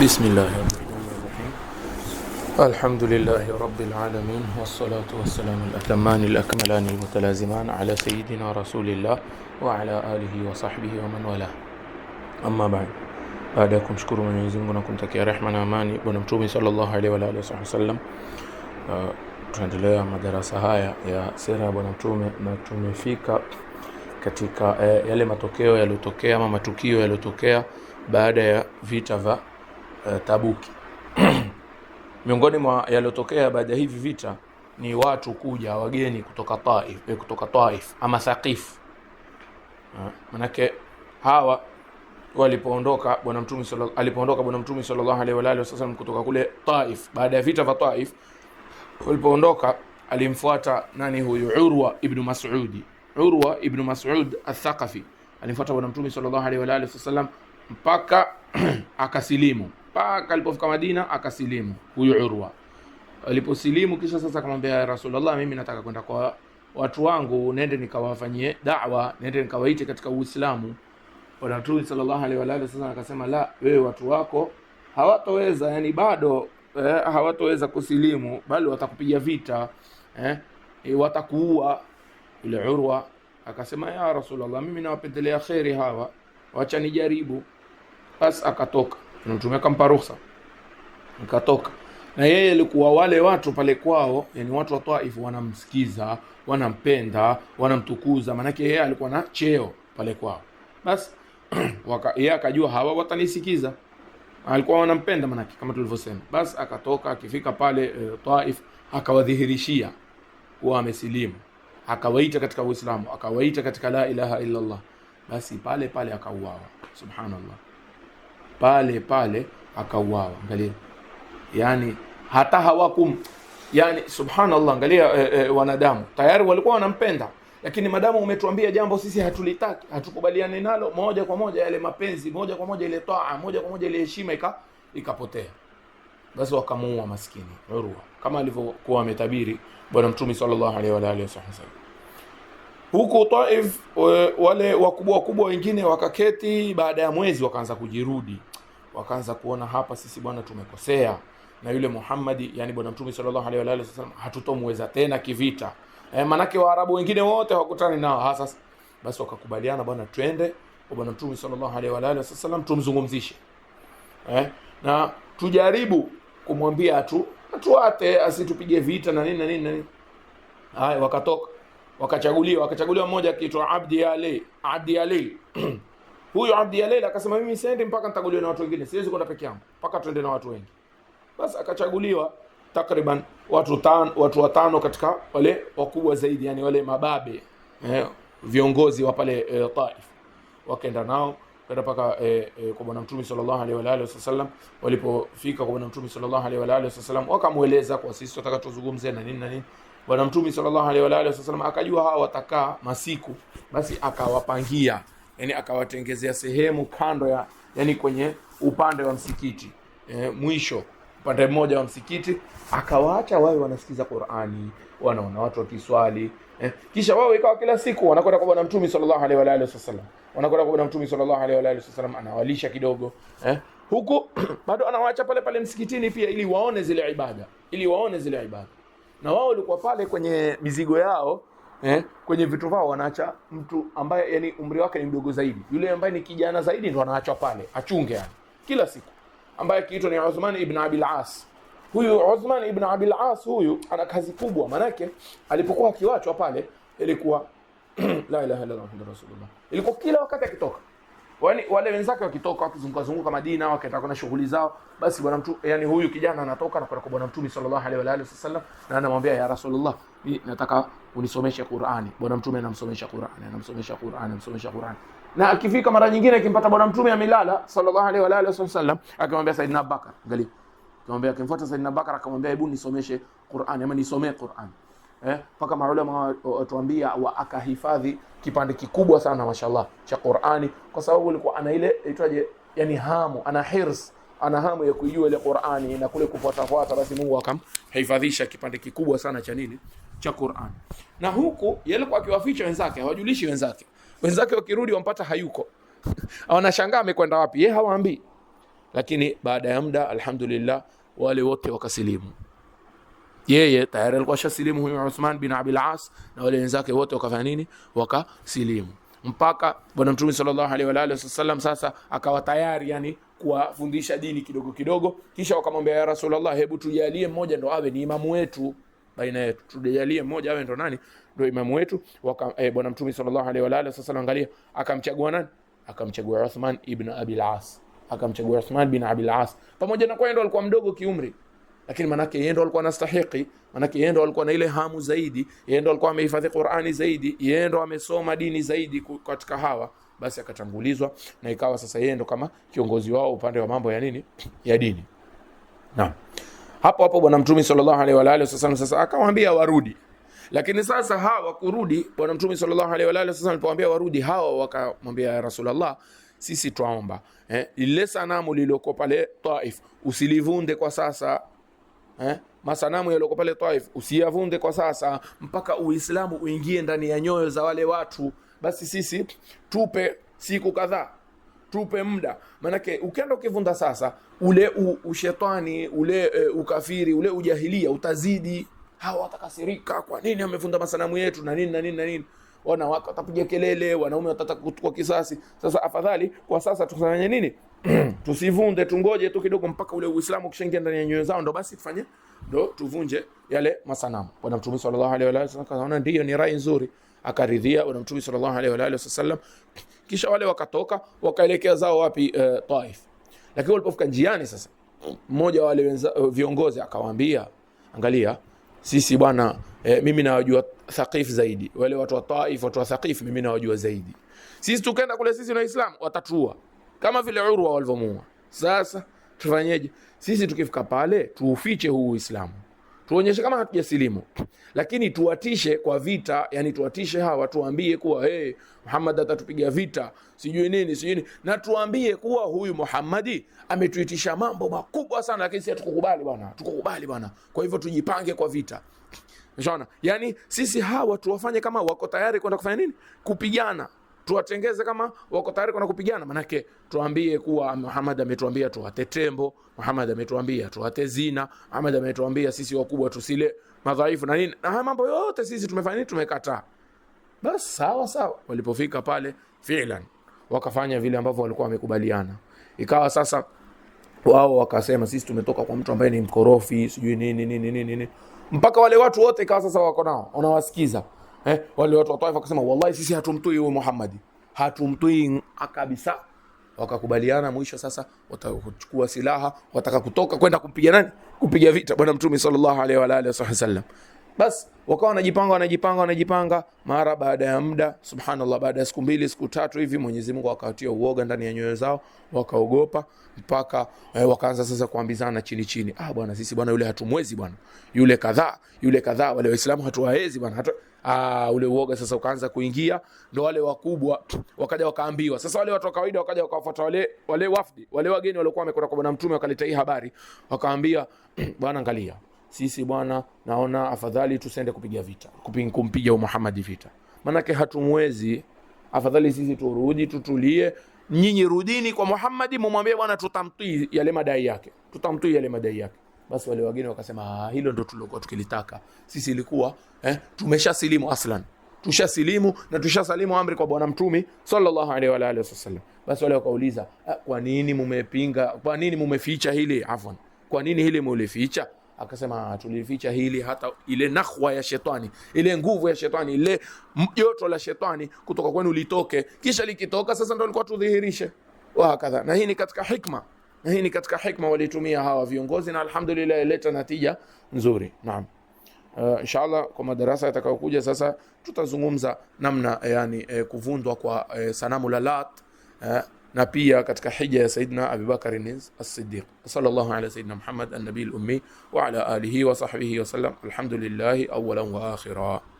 بسم الله الحمد لله رب العالمين والصلاة والسلام الأتمان الأكملان المتلازمان على سيدنا رسول الله وعلى آله وصحبه ومن والاه أما بعد أداكم شكر من يزنقنا كنت يا رحمة أماني بن صلى الله عليه وآله وصحبه وسلم tunaendelea madarasa haya ya sera ya bwana mtume na tumefika katika eh, yale matokeo yaliyotokea ama matukio yaliyotokea baada ya vita vya eh, Tabuki. Miongoni mwa yaliyotokea baada ya hivi vita ni watu kuja wageni kutoka Taif, eh, kutoka Taif ama Thaqif. Eh, manake hawa walipoondoka bwana mtume sallallahu alipoondoka bwana mtume sallallahu alaihi wa alihi wasallam kutoka kule Taif, baada ya vita vya Taif, walipoondoka alimfuata nani huyu Urwa ibn Mas'ud, Urwa ibn Mas'ud al-Thaqafi alimfuata bwana mtume sallallahu alaihi wa alihi wasallam mpaka akasilimu mpaka alipofika Madina akasilimu huyu Urwa. Aliposilimu kisha sasa akamwambia Rasulullah, mimi nataka kwenda kwa watu wangu, nende nikawafanyie da'wa, nende nikawaite katika Uislamu. Bwana Mtume sallallahu alaihi wasallam sasa akasema, la, wewe watu wako hawatoweza, yani bado eh, hawatoweza kusilimu, bali watakupiga vita eh, e, watakuua. Yule Urwa akasema, ya Rasulullah, mimi nawapendelea kheri hawa, wacha nijaribu. Bas akatoka mtume akampa ruhusa, nikatoka na yeye. Alikuwa wale watu pale kwao, yani watu wa Taifu wanamsikiza, wanampenda, wanamtukuza, maanake yeye alikuwa na cheo pale kwao. Basi yeye akajua hawa watanisikiza, alikuwa wanampenda, maanake kama tulivyosema. Basi akatoka akifika pale e, Taif akawadhihirishia kuwa amesilimu, akawaita katika Uislamu, akawaita katika la ilaha illa Allah. Basi pale pale akauawa, subhanallah pale pale akauawa. Angalia, yani hata hawakum yani, subhanallah. Angalia e, e, wanadamu tayari walikuwa wanampenda, lakini madamu umetuambia jambo sisi hatulitaki, hatukubaliani nalo, moja kwa moja yale mapenzi, moja kwa moja ile toa, moja kwa moja ile heshima ika ikapotea. Basi wakamuua maskini Urwa kama alivyokuwa ametabiri Bwana Mtume sallallahu alaihi wa alihi wasallam huku Taif eh, wale wakubwa wakubwa wengine wakaketi, baada ya mwezi wakaanza kujirudi, wakaanza kuona hapa sisi bwana tumekosea, na yule Muhammad, yani bwana mtume sallallahu alaihi wa alihi wasallam hatutomweza tena kivita. eh, manake Waarabu wengine wote hawakutani nao hasa. Basi wakakubaliana bwana, twende kwa bwana mtume sallallahu alaihi wa alihi wasallam tumzungumzishe, eh, na tujaribu kumwambia tu atuate asitupige vita na nini na nini na nini. Haya, wakatoka wakachaguliwa wakachaguliwa mmoja akiitwa Abdi Yale Abdi Yale huyo Abdi Yale akasema mimi siendi mpaka nitaguliwe na watu wengine, siwezi kwenda peke yangu, mpaka tuende na watu wengi. Basi akachaguliwa takriban watu tan, watu watano katika wale wakubwa zaidi, yani wale mababe eh, viongozi wa pale eh, Taif, wakaenda nao kwenda paka eh, eh, kwa Bwana Mtume sallallahu alaihi wa alihi wasallam. Walipofika kwa Bwana Mtume sallallahu alaihi wa alihi wasallam, wakamueleza kwa sisi tunataka tuzungumze na nini na nini Bwana Mtume sallallahu alaihi wa alihi wasallam akajua hawa watakaa masiku, basi akawapangia, yani akawatengezea sehemu kando ya, yani kwenye upande wa msikiti e, mwisho upande mmoja wa msikiti, akawaacha wawe wanasikiza Qur'ani, wanaona watu wakiswali e, Kisha wao ikawa kila siku wanakwenda kwa bwana Mtume sallallahu alaihi wa alihi wasallam, wanakwenda kwa bwana Mtume sallallahu alaihi wa alihi wasallam, anawalisha kidogo e, huku bado anawaacha pale pale msikitini pia, ili waone zile ibada, ili waone zile ibada na wao walikuwa pale kwenye mizigo yao eh, kwenye vitu vao wanaacha mtu ambaye yani umri wake ni mdogo zaidi, yule ambaye ni kijana zaidi ndo anaachwa pale achunge yani kila siku, ambaye kiitwa ni Uthman ibn Abil As. Huyu Uthman ibn Abil As huyu ana kazi kubwa, manake alipokuwa akiwachwa pale ilikuwa la ilaha illa Allah Muhammadur Rasulullah, ilikuwa kila wakati akitoka Wani, wale wenzake wakitoka wakizunguka zunguka Madina wakaenda kuna shughuli zao, basi bwana mtu yani huyu kijana anatoka na kwenda kwa bwana mtume sallallahu alaihi wa alihi wasallam, na anamwambia ya Rasulullah, mimi nataka unisomeshe Qur'ani. Bwana mtume anamsomesha Qur'ani, anamsomesha Qur'ani, anamsomesha Qur'ani. Na akifika mara nyingine akimpata bwana mtume amelala sallallahu alaihi wa alihi wasallam, akamwambia Saidina Abubakar, angalia, akamwambia akimfuata Saidina Abubakar akamwambia, hebu nisomeshe Qur'ani ama nisomee Qur'ani eh, mpaka eh, maulama watuambia wa akahifadhi kipande kikubwa sana mashallah cha Qur'ani, kwa sababu alikuwa ana ile itwaje, yani hamu, ana hirs, ana hamu ya kuijua ile Qur'ani na kule kufuatafuata, basi Mungu akamhifadhisha kipande kikubwa sana cha nini, cha Qur'ani. Na huku yalikuwa akiwaficha wenzake, hawajulishi wenzake. Wenzake wakirudi wampata hayuko, wanashangaa amekwenda wapi, yeye hawaambii. Lakini baada ya muda, alhamdulillah, wale wote wakasilimu yeye tayari alikuwa shasilimu huyu Uthman bin Abi al As na wale wenzake wote wakafanya nini? Wakasilimu mpaka Bwana Mtume sallallahu alaihi wa alihi wasallam sasa akawa tayari yani kuwafundisha dini kidogo kidogo, kisha wakamwambia ya Rasulullah, hebu tujalie mmoja ndo awe ni imamu wetu baina yetu, tujalie mmoja awe ndo nani ndo imamu wetu. Eh, Bwana Mtume sallallahu alaihi wa alihi wasallam, angalia, akamchagua nani? Akamchagua Uthman ibn Abi al As, akamchagua Uthman bin Abi al As, pamoja na kwa ndo alikuwa mdogo kiumri lakini manake yeye ndo alikuwa anastahiki, manake yeye ndo alikuwa na ile hamu zaidi, yeye ndo alikuwa amehifadhi Qur'ani zaidi, yeye ndo amesoma dini zaidi katika hawa, basi akatangulizwa na ikawa sasa yeye ndo kama kiongozi wao upande wa mambo ya nini ya dini. Naam, hapo hapo Bwana Mtume sallallahu alaihi wa alihi wasallam sasa akawaambia warudi, lakini sasa hawa kurudi, Bwana Mtume sallallahu alaihi wa alihi wasallam alipowaambia warudi, hawa wakamwambia ya Rasulullah sisi twaomba eh, ile sanamu lililoko pale Taif usilivunde kwa sasa eh? Masanamu yaliyoko pale Taif usiyavunde kwa sasa mpaka Uislamu uingie ndani ya nyoyo za wale watu. Basi sisi tupe siku kadhaa, tupe muda, maanake ukienda ukivunda sasa, ule u, ushetani ule e, ukafiri ule ujahilia utazidi. Hawa watakasirika, kwa nini amevunda masanamu yetu na nini na nini na nini wanawake watapiga kelele, wanaume watataka kutukwa kisasi. Sasa afadhali kwa sasa tufanye nini? tusivunde, tungoje tu kidogo mpaka ule Uislamu ukishaingia ndani ya nyoyo zao, ndo basi tufanye ndo tuvunje yale masanamu. Bwana Mtume sallallahu alaihi wa sallam kaona ndio ni rai nzuri, akaridhia Bwana Mtume sallallahu alaihi wa alihi wasallam. Kisha wale wakatoka wakaelekea zao wapi? Uh, Taif. Lakini walipofika njiani sasa, mmoja wa wale uh, viongozi akawaambia, angalia sisi bwana eh, mimi nawajua Thaqif zaidi, wale watu wa Taif, watu wa Thaqif mimi nawajua zaidi. Sisi tukaenda kule sisi na Islam watatua kama vile Urwa walivyomuua. Sasa tufanyeje sisi? Tukifika pale tuufiche huu Uislamu, tuonyeshe kama hatujasilimu, lakini tuwatishe kwa vita, yani tuwatishe hawa, tuwaambie kuwa hey, Muhammad atatupiga vita, sijui nini sijui nini, na tuambie kuwa huyu Muhammadi ametuitisha mambo makubwa sana, lakini sisi hatukukubali bwana, tukukubali bwana. Kwa hivyo tujipange kwa vita. Unaona, yani sisi hawa tuwafanye kama wako tayari kwenda kufanya nini, kupigana tuwatengeze kama wako tayari kwenda kupigana, manake tuambie kuwa Muhammad ametuambia tuwate tembo, Muhammad ametuambia tuwate zina, Muhammad ametuambia sisi wakubwa tusile madhaifu na nini, na haya mambo yote sisi tumefanya nini? Tumekataa. Basi sawa sawa, walipofika pale filan wakafanya vile ambavyo walikuwa wamekubaliana. Ikawa sasa wao wakasema sisi tumetoka kwa mtu ambaye ni mkorofi, sijui nini nini nini, nini, mpaka wale watu wote ikawa sasa wako nao, unawasikiza eh, wale watu wa Taifa wakasema wallahi sisi hatumtui huyu Muhammad, hatumtui kabisa. Wakakubaliana mwisho sasa watachukua silaha, wataka kutoka kwenda kumpiga nani? kupiga vita bwana Mtume sallallahu alaihi wa alihi wasallam. Bas wakawa wanajipanga wanajipanga wanajipanga, mara baada ya muda, subhanallah, baada ya siku mbili siku tatu hivi, Mwenyezi Mungu akawatia uoga ndani ya nyoyo zao, wakaogopa mpaka eh, wakaanza sasa kuambizana chini chini, ah bwana, sisi bwana yule hatumwezi bwana, yule kadhaa yule kadhaa, wale Waislamu hatuwaezi bwana hatu aa, ah, ule uoga sasa ukaanza kuingia, ndo wale wakubwa wakaja wakaambiwa. Sasa wale watu wa kawaida wakaja wakawafuata wale wale wafdi wale wageni waliokuwa wamekwenda kwa bwana mtume, wakaleta hii habari, wakaambia bwana, angalia sisi bwana, naona afadhali tusende kupiga vita kuping, kumpiga Muhammad vita, manake hatumwezi. Afadhali sisi turudi tutulie, nyinyi rudini kwa Muhammad, mumwambie bwana, tutamtii yale madai yake, tutamtii yale madai yake. Basi wale wageni wakasema ah, hilo ndo tulokuwa tukilitaka sisi, ilikuwa eh, silimu aslan, silimu na tusha salimu amri kwa Bwana mtumi sallallahu alaihi wa alihi wasallam. Basi wale wakauliza, ah, kwa nini mumepinga? Kwa nini mumeficha hili? Afwan, kwa nini hili mulificha? Akasema tulificha hili hata ile nahwa ya shetani, ile nguvu ya shetani, ile joto la shetani kutoka kwenu litoke, kisha likitoka sasa ndo tulikuwa tudhihirishe, kadha Na hii ni katika hikma hii ni katika hikma walitumia hawa viongozi na alhamdulillah ileta natija nzuri. Naam. Uh, inshallah kwa madarasa yatakayokuja sasa tutazungumza namna eh, yani, eh, kuvundwa kwa eh, sanamu la Lat eh, na pia katika hija ya Saidina Abubakar as-Siddiq. Sallallahu ala Saidina Muhammad an-nabiy al-ummi wa ala alihi wa sahbihi wa sallam. Alhamdulillah awwalan wa akhira.